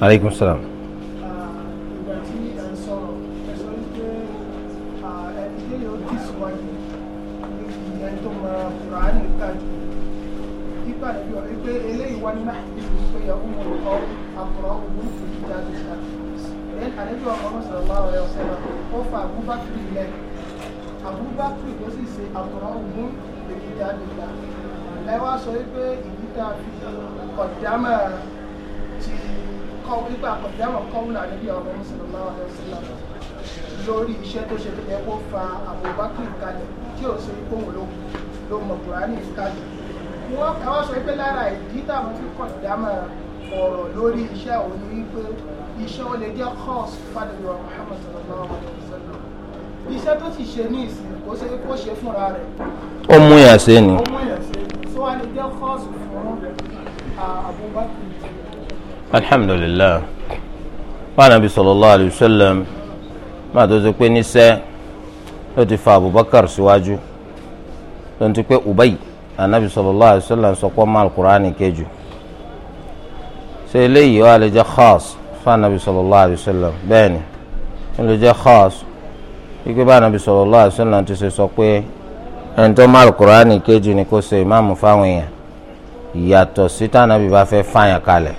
aleykum salaam. ìgbà tí ẹ ń sọ̀rọ̀ ẹ sọ wípé ẹ̀ẹ́dẹ́gbẹ́ yóò tẹ̀síwájú níbi ẹni tó máa kúrò á lè ká jù nígbà tí ó rí pé eléyìí wá ní náà níbi pé yàgò mọ̀ ọ́ àkùrọ̀ òun ti kọ́wé nípa àkọ̀dámọ̀ kọ́wé lànà bí ọmọ mùsùlùmá ọ̀sùnlá lórí iṣẹ́ tó ṣe tó yẹ kó fa Abubakar kalẹ̀ tí ò sí kóhùn ló ló mọ̀ Kùránì kalẹ̀. wọ́n káwọ́ sọ pé lára ìdí táwọn fi kọ̀dámọ̀ ọ̀rọ̀ lórí iṣẹ́ òun ni wípé iṣẹ́ ó lè jẹ́ kọ́ọ̀s fàdúrà Muhammad sallallahu alayhi wa sallam iṣẹ́ tó sì ṣe ní ìsìn kó ṣe kó ṣe fúnra rẹ̀. ó mú yàn sí ni. ó mú yàn sí ni tó wá lè jẹ́ kọ́ọ̀sì fún Abubakar alhamdulilayi wọn ànábì sallallahu alayhi wa sallam máa tó ṣe pé níṣẹ́ ló ti fa abubakar síwájú ló ti pé ubay ànábì sallallahu alayhi wa sallam sọ pé mal kurani kejì ṣe eléyìí wà lè jẹ khas fún ànábì sallallahu alayhi wa sallam bẹ́ẹ̀ni wọn lè jẹ khas wípé bá ànábì sallallahu alayhi wa sallam ti ṣe sọ pé ẹni tó mal kejì ni kò ṣe ìmáàmù fáwọn èèyàn ìyàtọ̀ sí tànàbí bá fẹ́ fáyàn kalẹ̀.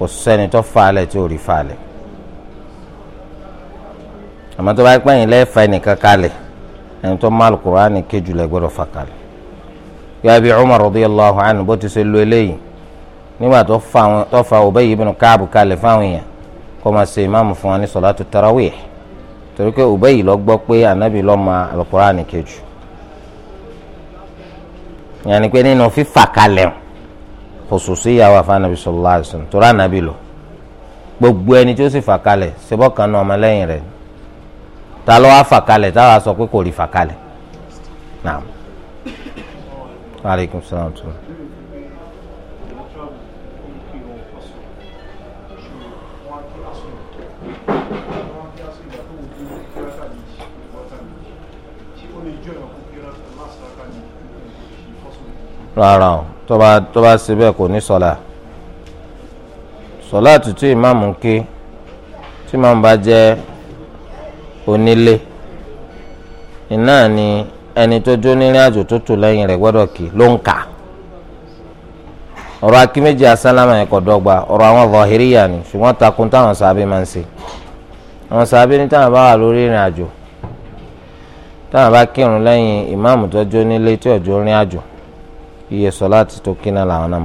kò sẹ́ni tó falẹ̀ tí ò rí falẹ̀ àmọ́ tó bá pẹ́yìn lẹ́ẹ̀fà ẹnìkan kalẹ̀ ẹni tó má alukur'ani kejì lẹ́ fà kalẹ̀ yóò bí Umar radiyallahu anhu bó ti ṣe lu eléyìí nígbà tó fa Ubay ibn Ka'b kalẹ̀ fáwọn èèyàn kó máa ṣe ìmáàmù fún wa ní torí pé lọ gbọ́ pé anabi lọ́ kejì yẹn ni pé nínú fífà kalẹ̀ o. khususiyya wà fún anabi sallallahu alaihi wasallam tó rà nàbí lò gbogbo ẹni tí ó sì fàkalẹ̀ ṣebọ́ kan náà ọmọlẹ́yìn rẹ̀ ta ló wá fàkalẹ̀ táwa sọ pé kò rí fàkalẹ̀ naam aleykum salaam tó. rárá o tọba tọba ṣe bẹ́ẹ̀ kò ní sọlá sọlá tuntun ìmáàmù ké tí màá bá jẹ onílé iná ni ẹni tó jó nírìn àjò tó tò lẹ́yìn rẹ̀ gbọ́dọ̀ kí ló ń kà ọ̀rọ̀ akíméjì asálámà ẹ̀kọ́ dọ́gba ọ̀rọ̀ àwọn zahiriya ni ṣùgbọ́n takun táwọn sábẹ́ máa ń ṣe àwọn sábẹ́ ní táwọn bá wà lórí ìrìn àjò táwọn bá kírun lẹ́yìn ìmáàmù tó jó nílé tí ò iye solati to kina la làwọn náà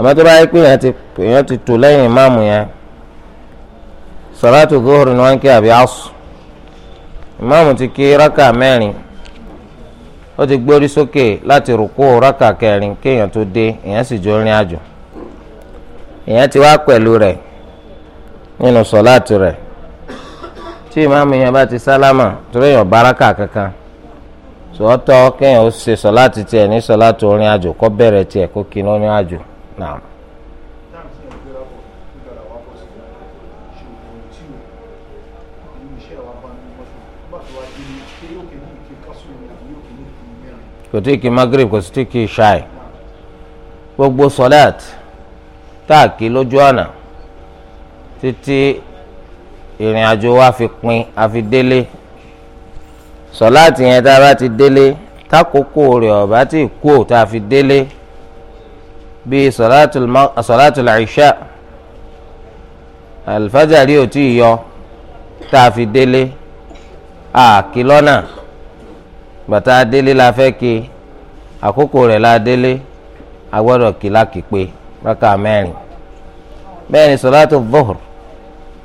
àmọ́ tó bá yẹ pé èèyàn ti tò lẹ́yìn ìmáàmù yẹn sọ̀láàtù zuhur ni wọ́n ń kí àbí asù ìmáàmù ti kí rákà mẹ́rin ó ti gbórí sókè láti rúkú rákà kẹrin tó dé èèyàn sì tí ìmáàmù yẹn bá ti sálámà torí èèyàn báraka kankan sọ́tọ̀ kéèyàn ó ṣe sọ̀láàtì tiẹ̀ ní sọ̀láàtì orin àjò kọ́ bẹ̀rẹ̀ tiẹ̀ kó kíni orin àjò náà. kò tí kì í magrib kò tí kì í ṣáì gbogbo sọ̀láàtì táàkì lójú àná títí ìrìn àjò wa fi pin àfi délé sọláàtì yẹn tá a bá ti délé tákòókò rẹ̀ ọ̀bá tí kú ò tá a fi délé bíi sọláàtì làìṣà àlùfájàrí ò tí ì yọ tá a fi délé àkì lọ́nà bàtà délé la fẹ́ kí àkókò rẹ̀ la délé a kí lákìpé rákà mẹ́rin bẹ́ẹ̀ ni sọláàtì dhuhr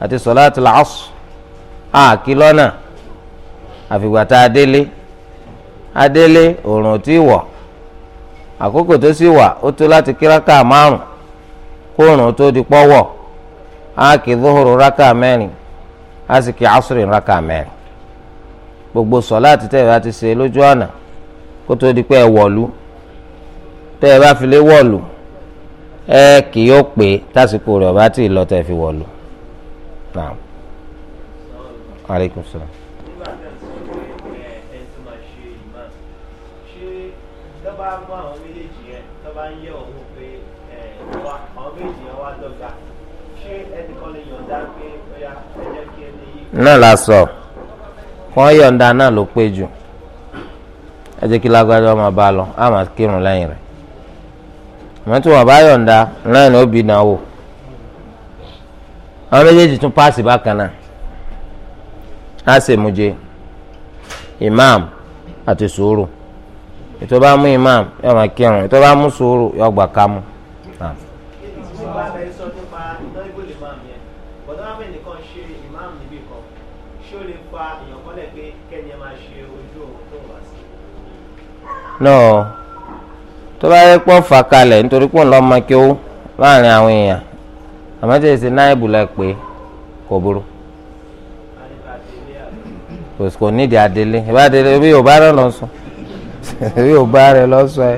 àti sọláàtì làásù àkí lọ́nà àfìgbà tá a délé a délé òòrùn tí wọ̀ àkókò tó sì wà ó tó láti kí rákà márùn kó òòrùn tó di pọ́wọ̀ àkí lóhùrù rákà mẹ́rin a sì kí asùrì rákà mẹ́rin gbogbo sọláàtì tẹ̀ bá ti ṣe lójú ọ̀nà kó tó di pé wọ̀lú tẹ́ bá fi wọ̀lú ẹ kì yóò pé tásìkò rẹ̀ ọ̀bá tì lọ́tẹ̀ fi wọ̀lú. نعم عليكم السلام náà la sọ wọn yọ̀ǹda náà ló pé jù ẹ jẹ́ kí lágbájá ọmọ bá lọ á máa kírun lẹ́yìn rẹ̀ mọ́tò wọn bá yọ̀ǹda náà ni ó náà wò àwọn méjèèjì tún páàsì bákan náà á sì mú jẹ imam àti sùúrù ètò bá mú imam yóò máa kírun ètò bá mú sùúrù yóò gbà ká mú. náà tó bá yẹ pọ́ fà kalẹ̀ nítorí pé òun kí ó láàrin àwọn èèyàn àmọ́ tí èsì pé kò burú kò nídìí adélé ìbá adélé yóò bá rẹ lọ sùn yóò bá rẹ lọ ẹ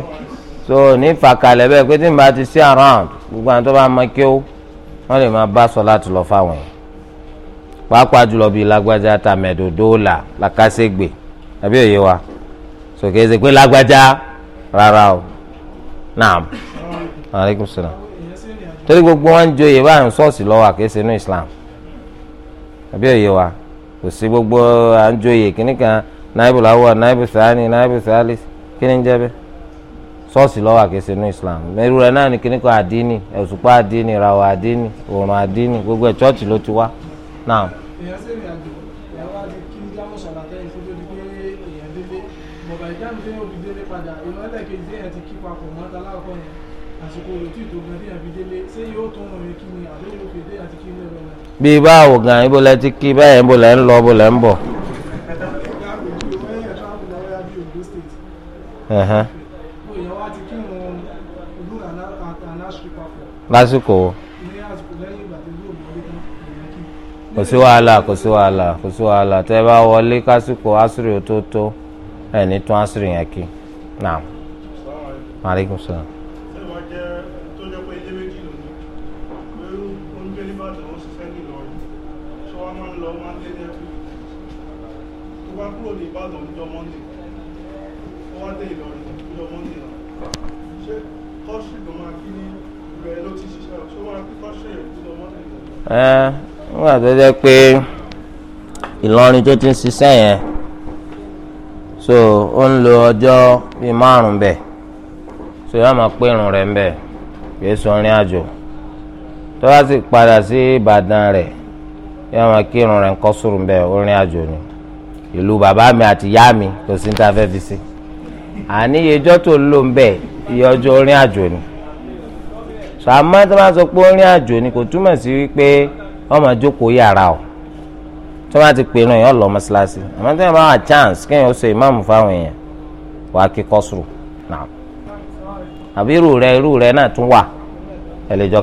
so ní fàkàlẹ̀ bẹ́ẹ̀ pé tí n bá ti sí around gbogbo àwọn tó bá mọ kí ó wọ́n lè máa bá sọ láti lọ fáwọn yẹn pàápàá jùlọ bíi lágbájá àbí torí gbogbo wọn ń joyè báyìí ṣọ́ọ̀ṣì lọ́wọ́ àkéṣe ní Islam àbí òye wa kò sí gbogbo à ń joyè kìnnìkan náíbù làwọ̀ náíbù sàánì náíbù sàálì kí ni ń lọ́wọ́ ní Islam mẹ́rù rẹ̀ náà ni kìnnìkan àdínì ẹ̀sùpá àdínì ìràwọ̀ àdínì òòrùn gbogbo ẹ̀ ṣọ́ọ̀ṣì ló ti wá náà. àsìkò bí àwògàn lẹ ti kí báyẹn ibo lẹ ń lọ ibo lẹ ń bọ̀. lásìkò wo kò sí wàhálà kò sí wàhálà kò sí wàhálà tẹ bá wọlé kásìkò wa máa ń lọ máa ń lé lẹ́tù tó bá kúrò ní Ìbàdàn níjọ́ Monday ó wá dé Ìlọrin níjọ́ Monday náà ṣé kọ́ṣì ló máa kí ní ìrẹ̀ ló ti ṣiṣẹ́ ṣé wọ́n á kí kọ́ṣì rẹ̀ níjọ́ Monday. ẹ wọ́n àtẹ́jẹ́ pé Ìlọrin tó ti ń ṣiṣẹ́ yẹn so ó ń lo ọjọ́ bíi márùn-ún bẹ́ẹ̀ so yóò máa pé irun rẹ̀ ń bẹ̀ kì í sọ ìrìn àjò tó bá sì padà sí Ìbàdàn rẹ̀ ya máa kírun rẹ̀ ńkọ́ bẹ́ẹ̀ orin àjò ni ìlú bàbá mi àti ìyá mi kò sí ní ta fẹ́ fi sí àní ìyẹjọ́ tó lò ń bẹ̀ iye ọjọ́ orin àjò ni sọ tó orin àjò ni kò túmọ̀ sí wípé wọ́n máa yàrá o tó bá ti pè náà yọ lọ mọ́ṣáláṣí àmọ́ tó wà chance kéèyàn ó ṣe ìmáàmù fáwọn èèyàn wà lè jọ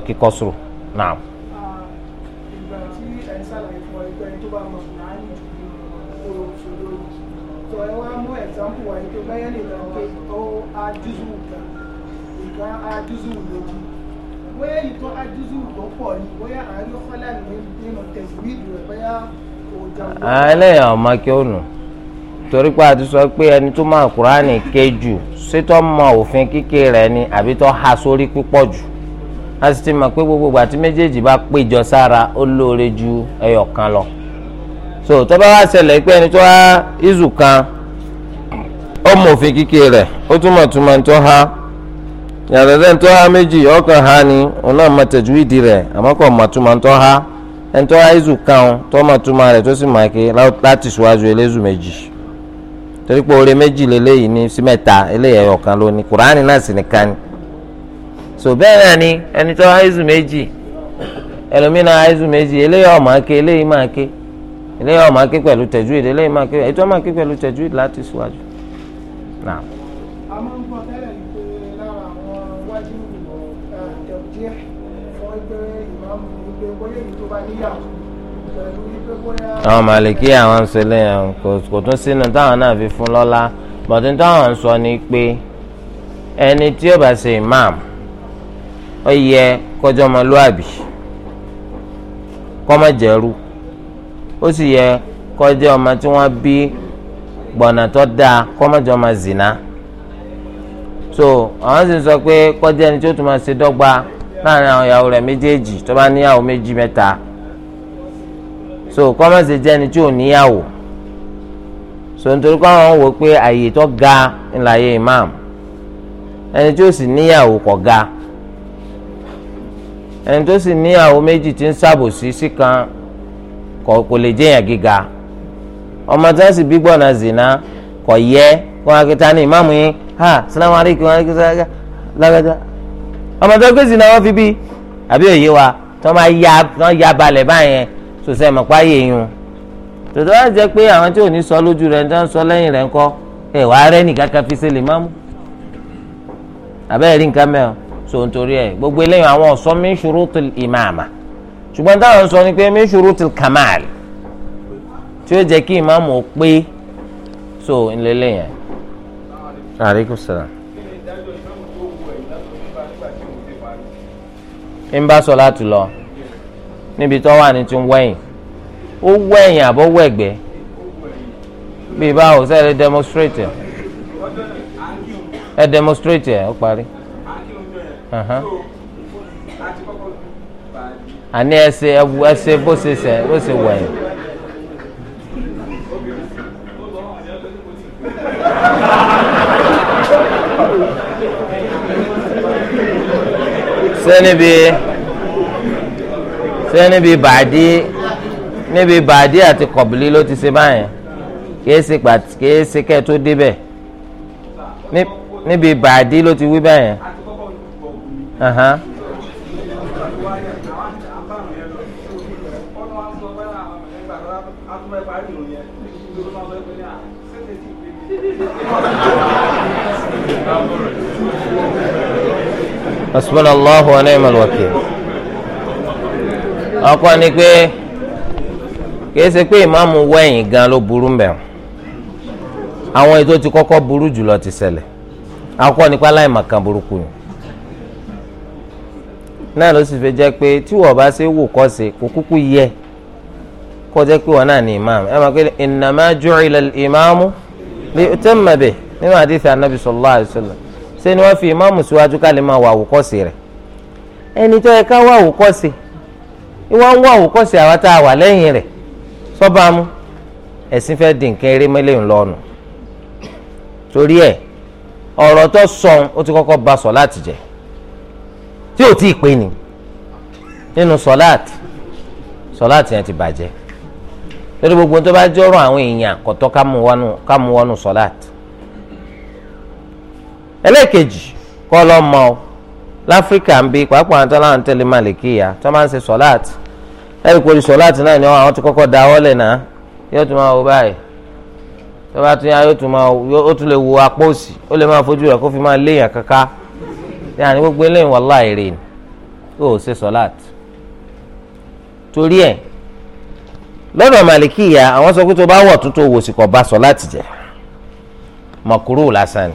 example wa ni pé bẹ́yẹ́ lè lọ pé ó ajúzù kan nǹkan ajúzù lójú bóyá èyí tó ajúzù tó pọ̀ ni bóyá àárín ọ̀fọ́lá nínú tẹ̀síwìdì rẹ̀ bóyá òòjà wò. ẹlẹ́yìn ọmọ kí ó nù torí pé a ti sọ pé ẹni tó máa kúránì ké jù sétọ́ mọ òfin kíké rẹ̀ ni àbí tó há sórí púpọ̀ jù a sì ti mọ̀ pé gbogbo ìgbà tí méjèèjì bá péjọ sára ó lóore ju ẹyọ kan lọ so tó bá wá ṣẹlẹ̀ pé ẹni tó wá ìzù kan ọmọ òfin kíkẹ́ rẹ̀ ó túmọ̀ tó ha yàtọ̀ sẹ́ni tó ha méjì ọkàn ha ni òun náà mọ rẹ rẹ̀ àmọ́ kò mọ̀ tó ha ẹni tó ha ìzù kan tó mọ̀ túmọ̀ rẹ̀ tó sì mọ̀ ké láti ṣíwájú elézù méjì torí pé oore méjì lélẹ́yìí ní sí mẹ́ta ọ̀kan kùránì náà sì nìkan ni so bẹ́ẹ̀ náà ni ẹni tó ha ìzù méjì ẹlòmínà méjì máa ké a máa ń gbọ́ tẹ́lẹ̀ ní pé lára àwọn wájú ìwọ̀ ẹ̀jẹ̀ wọ́n gbé ìmáàmù wípé bóyá èyí tó bá níyàwó pẹ̀lú wípé bóyá. àwọn màlìkí àwọn ń ṣe lẹ́yìn kò tún sínú táwọn náà fi fún lọ́lá bọ̀dé táwọn ń sọ ni pé ẹni tí ó bá ṣe ìmáàmù ó yẹ kọjọ́ ọmọlúàbí kọ́mọ̀jẹ̀rú ó sì yẹ kọjọ́ ọmọ tí wọ́n bí gbọ̀nà tó dáa kọ́mọ́jọ́ máa zìnà so àwọn sì ń sọ pé kọjá ẹni tí ó tún máa ṣe dọ́gba láàrin àwọn ìyàwó rẹ̀ méjèèjì tó bá níyàwó méjì mẹ́ta so kọ́mọ́sì jẹ́ ẹni tí ò níyàwó so nítorí pé àwọn wò pé àyè tó ga ńláyé imam ẹni tí ó sì níyàwó kọ̀ ga ẹni tó sì níyàwó méjì tí ń ṣàbòsí kò lè gíga. ọmọ tí wọ́n sì bí gbọ́nà zina kò yẹ kó wọn akitá ní ìmáàmù yín ha salamu aleykum aleykum salaam lágbájá ọmọ tí wọ́n gbé zina wọ́n fi bí àbí òye wa tí wọ́n máa ya wọ́n ya balẹ̀ báyẹn sòsẹ́ mọ̀pá yẹ̀yún tòtò wá jẹ́ pé àwọn tí ò ní sọ lójú rẹ̀ ń tán sọ lẹ́yìn rẹ̀ ńkọ́ ẹ̀ wàá rẹ́ nìkan kan fi ṣe lè máàmù àbẹ́rẹ́ nǹkan mẹ́rin so nítorí ẹ̀ gbogbo eléyìí àwọn ọ̀sọ́ min shurutil imama ṣùgbọ́n táwọn sọ ni pé min shurutil kamal tí ó jẹ́ kí ìmáàmù pé so ńlẹ́lẹ̀ yẹn. aleykum salaam. ń bá sọ láti lọ níbi tó wà ní ti ń wẹ̀yìn ó wẹ̀yìn àbọ̀ wẹ̀gbẹ́ bíi báwo sẹ́ẹ̀ demonstrate ẹ demonstrate ẹ ó parí. àní ẹsẹ ẹsẹ bó ṣe sẹ bó ṣe wẹ̀yìn. ṣé níbi ṣé níbi bàdí níbi bàdí àti kọ̀bìlì ló ti ṣe báyẹn kìí ṣe pàtì kìí ṣe kẹ́ tó débẹ̀ níbi bàdí ló ti wí báyẹn. asumana wa ni'ma al-wakil ọkọ ni pé kìí pé ìmáàmù wẹ̀yìn gan ló burú mbẹ̀ àwọn ètò ti kọ́kọ́ burú jùlọ ti ṣẹlẹ̀ akọ nípa aláìmọ̀kan burúkú yìí náà ló sì fi jẹ́ pé tí wọ́n bá ṣe wò kọ́ ṣe kò kúkú yẹ kó jẹ́ pé wọ́n náà ìmáàmù imamu nínú àdìsí anabi sallallahu alaihi ṣé ni wọ́n fi ìmáàmù síwájú ká lè máa wà àwòkọ́sí rẹ̀ ẹni tó yẹ ká wà àwòkọ́sí ìwọ́n ń wà àwòkọ́sí àwa tá a wà lẹ́yìn rẹ̀ sọ́ba mu ẹ̀sìn fẹ́ di nǹkan eré mẹ́lẹ́yìn lọ́nu torí ẹ̀ ọ̀rọ̀ tó sọ̀n ó ti kọ́kọ́ ba sọ̀láàtì jẹ́ tí ò tí ì pé ni nínú sọ̀láàtì sọ̀láàtì yẹn ti bàjẹ́ torí gbogbo tó bá jọ̀rọ̀ àwọn èèyàn kọ̀tọ́ ká mú wọnú sọ̀láàtì ẹlẹ́ẹ̀kejì kọ́ lọ mọ́ ọ láfíríkà ń bí pàápàá àwọn tọ́lá ń tẹ̀lé màlìkíyà tó máa ń ṣe sọ́láàt ẹ̀rí kò rí sọ́láàt náà ni àwọn ti kọ́kọ́ da ọ̀lẹ̀ náà yóò tún máa wo báyìí tó bá tún yá yóò tún máa ó tún lè wo apó òsì ó lè máa fojú rẹ̀ kó fi máa léèyàn kaka yàrá gbogbo eléyìn wàhálà èrè ni ó ṣe sọ́láàt torí ẹ̀ lọ́dọ̀ màlìkíyà àwọn sọ pé tó bá wọ̀ tó tó wò kọ̀ bá sọ́láàt jẹ́ mọ̀kúrú lásán ni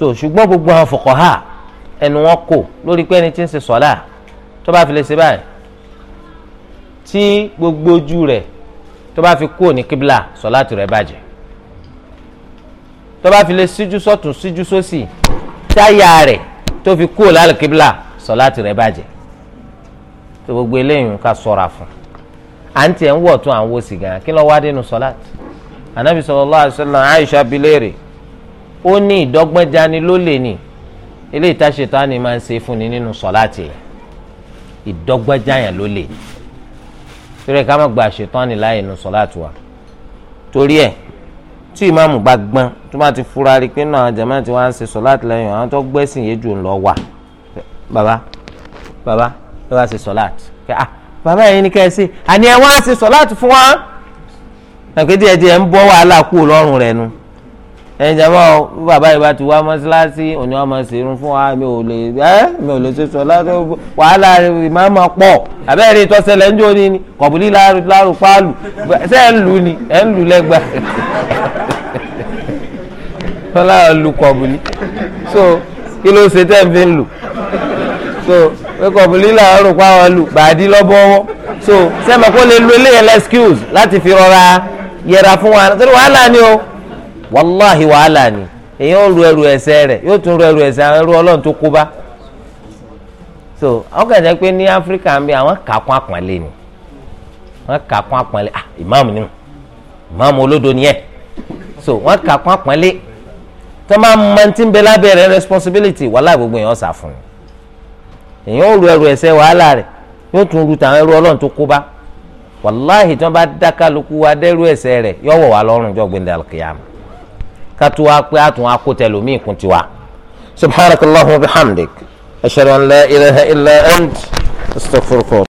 so ṣùgbọ́n gbogbo àwọn fuqaha ẹnu wọn kò lórí pé ẹni tí ń ṣe sọ́lá tó bá fi lè ṣe báyìí tí gbogbo ojú rẹ̀ tó bá fi kúrò ní kíbla sọ́lá tó rẹ̀ bàjẹ́ tó bá fi lè síjú sọ́tún síjú sósì táyà rẹ̀ tó fi kúrò lálẹ́ kíbla sọ́lá tó rẹ̀ bàjẹ́ tó gbogbo eléyìí ká sọ̀ra fún à ń tiẹ̀ ń wọ̀ tún à ń wo sìgá kí ló wá dénú sọ́lá ànábì sallallahu alaihi wasallam Aisha bilére ó ní ìdọ́gbọ́njani ló lè ní eléyìí tá ṣètánì máa ń ṣe fún ni nínú sọ̀láàtì rẹ̀ ìdọ́gbọ́njayàn ló lè torí ká má gba ṣètánì láàyè nínú sọ̀láàtì wa torí ẹ̀ tí ìmáàmù bá gbọ́n tó bá ti fura rí pé náà jàmáà ti wá ń ṣe sọ̀láàtì lẹ́yìn àwọn tó gbẹ́sìn yé jù ń lọ wà bàbá bàbá ẹ wá ṣe sọ̀láàtì kẹ́ ah bàbá yẹn ni ká àní ẹ wá ṣe sọ̀láàtì fún wa ẹ̀kẹ́ díẹ̀ díẹ̀ ń bọ́ wàhálà kú lọ́rùn rẹ̀ nu ẹ̀yin jàmbá bàbá yìí bá ti wá mọ́ṣáláṣí òní wa máa fún wa mi ò lè ẹ́ mi ò lè ṣe sọ láti wàhálà ìmáàmà pọ̀ àbẹ́rẹ́ ìtọ́sẹ̀lẹ̀ ń jó ni kọ̀bùlí láàrú páàlù ṣé ẹ̀ ń lù ni ẹ̀ ń lù lẹ́gbà tọ́lá lu kọ̀bùlí so kí ló ṣe tẹ́ ń fi lù so pé kọ̀bùlí láàrú páàlù lù bàdí lọ́bọ́wọ́ so sẹ́mi kó lè lu eléyẹn lẹ́skíwùs láti fi rọra yẹra fún wa torí wàláhì wàhálà ni èyàn ò ru ẹrù ẹsẹ rẹ yóò tún ru ẹrù ẹsẹ àwọn ẹrù Ọlọ́run tó kó bá so ọ ga pé ní Áfíríkà ń bẹ àwọn kàkún àpọ̀nlé ni wọ́n kàkún àpọ̀nlé ah ìmáàmù ni ìmáàmù olódo ni so wọ́n kàkún àpọ̀nlé tó máa ń mọtí ń bẹ lábẹ́ rẹ̀ responsibility wàhálà gbogbo èèyàn sà fún ru yóò tún ru tàwọn ẹrù Ọlọ́run tó bá wà kátó wá pé àtún wá kó tẹlómi ìkún tiwa. subhanakallahumma wa bihamdik ashhadu an la ilaha illa ant